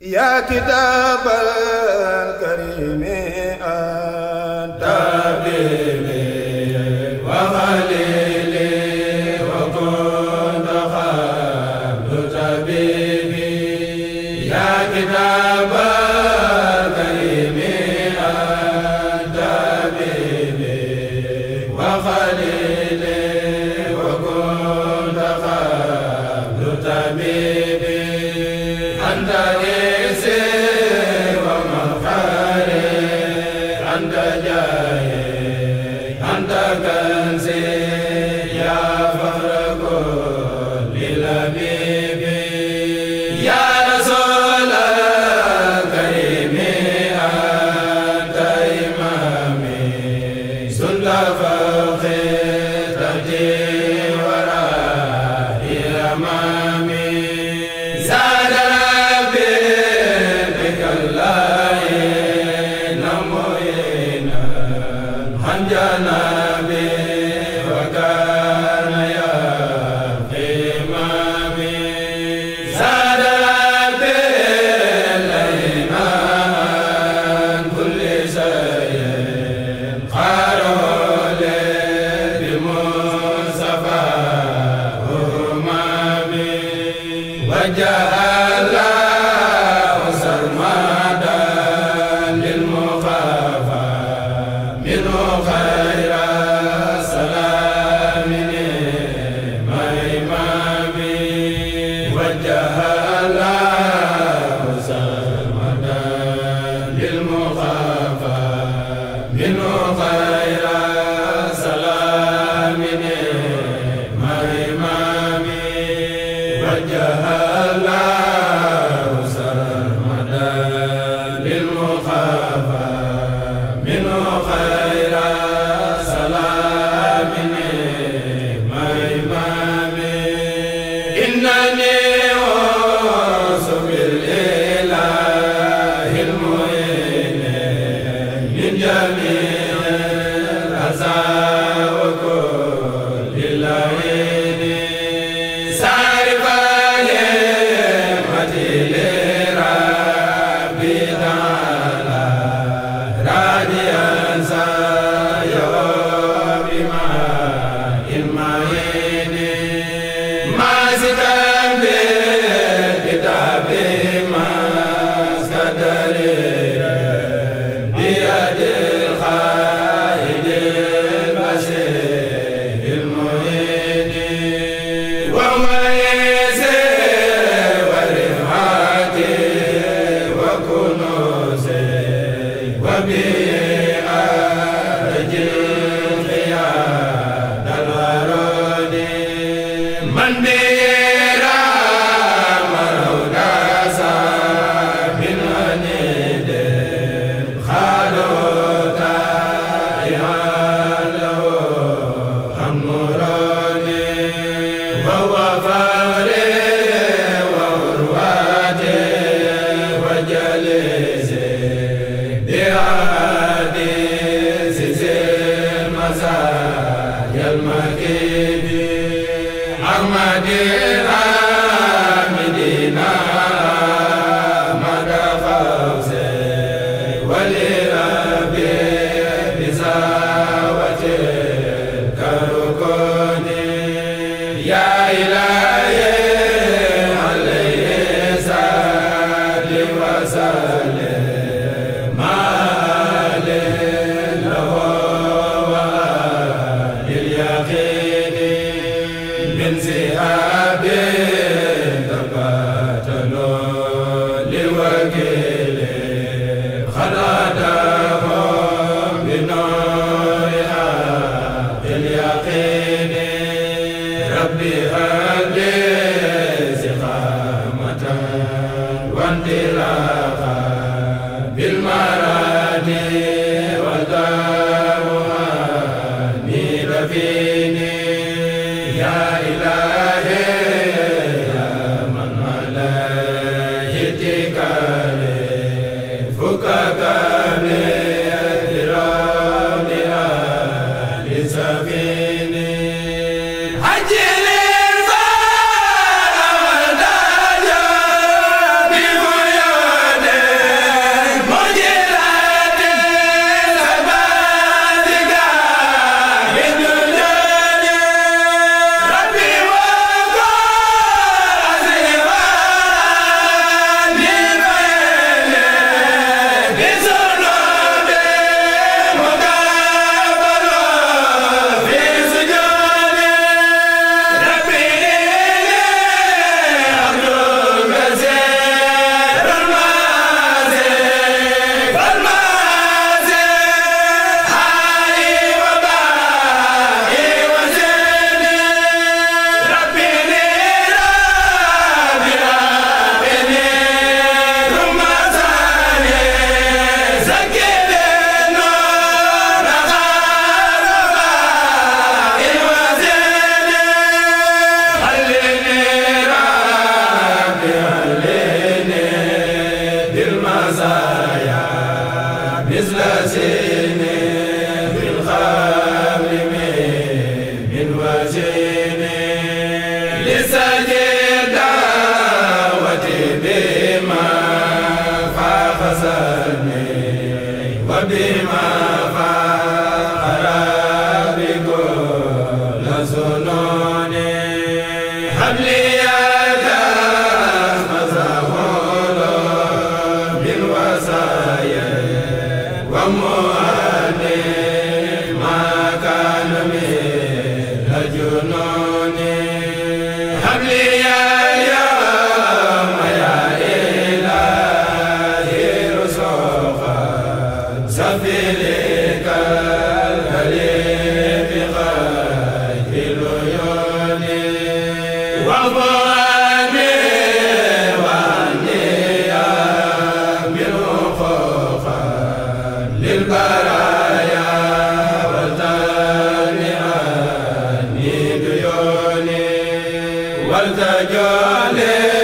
yaa kitaabal karim jana haa jununi habli tajale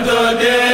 Bordeaux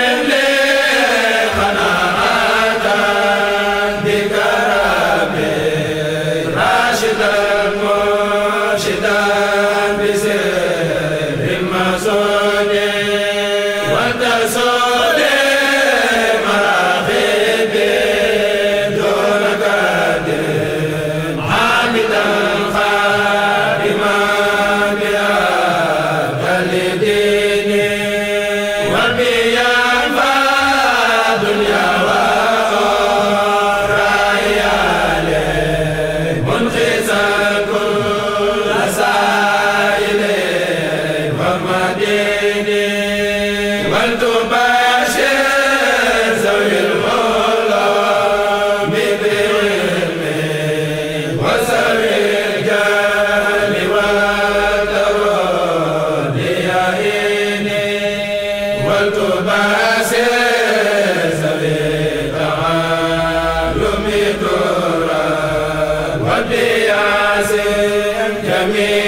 amiin